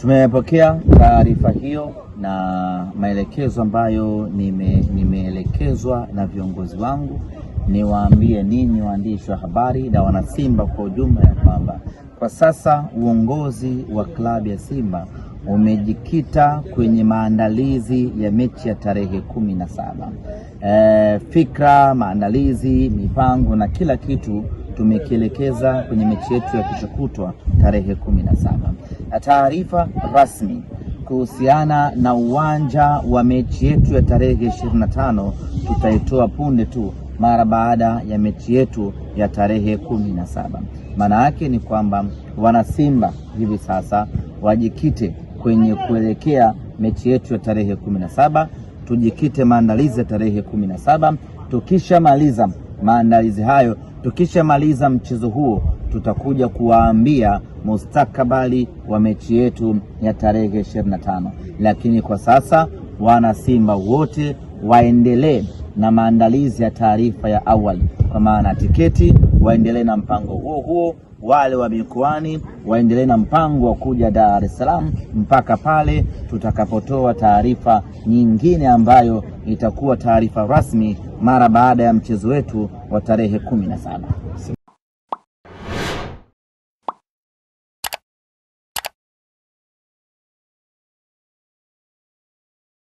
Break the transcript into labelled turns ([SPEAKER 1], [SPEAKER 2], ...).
[SPEAKER 1] Tumepokea taarifa hiyo na maelekezo ambayo nime, nimeelekezwa na viongozi wangu. Niwaambie ninyi waandishi wa habari na wanasimba kwa ujumla ya kwamba kwa sasa uongozi wa klabu ya Simba umejikita kwenye maandalizi ya mechi ya tarehe kumi na saba. E, fikra, maandalizi, mipango na kila kitu tumekielekeza kwenye mechi yetu ya kesho kutwa tarehe kumi na saba. Taarifa rasmi kuhusiana na uwanja wa mechi yetu ya tarehe ishirini na tano tutaitoa punde tu mara baada ya mechi yetu ya tarehe kumi na saba. Maana yake ni kwamba wanasimba hivi sasa wajikite kwenye kuelekea mechi yetu ya tarehe kumi na saba, tujikite maandalizi ya tarehe kumi na saba. Tukishamaliza maandalizi hayo. Tukishamaliza mchezo huo, tutakuja kuwaambia mustakabali wa mechi yetu ya tarehe 25, lakini kwa sasa wana Simba wote waendelee na maandalizi ya taarifa ya awali, kwa maana tiketi, waendelee na mpango huo huo wale wa mikoani waendelee na mpango wa kuja Dar es Salaam mpaka pale tutakapotoa taarifa nyingine ambayo itakuwa taarifa rasmi mara baada ya mchezo wetu wa tarehe kumi na saba.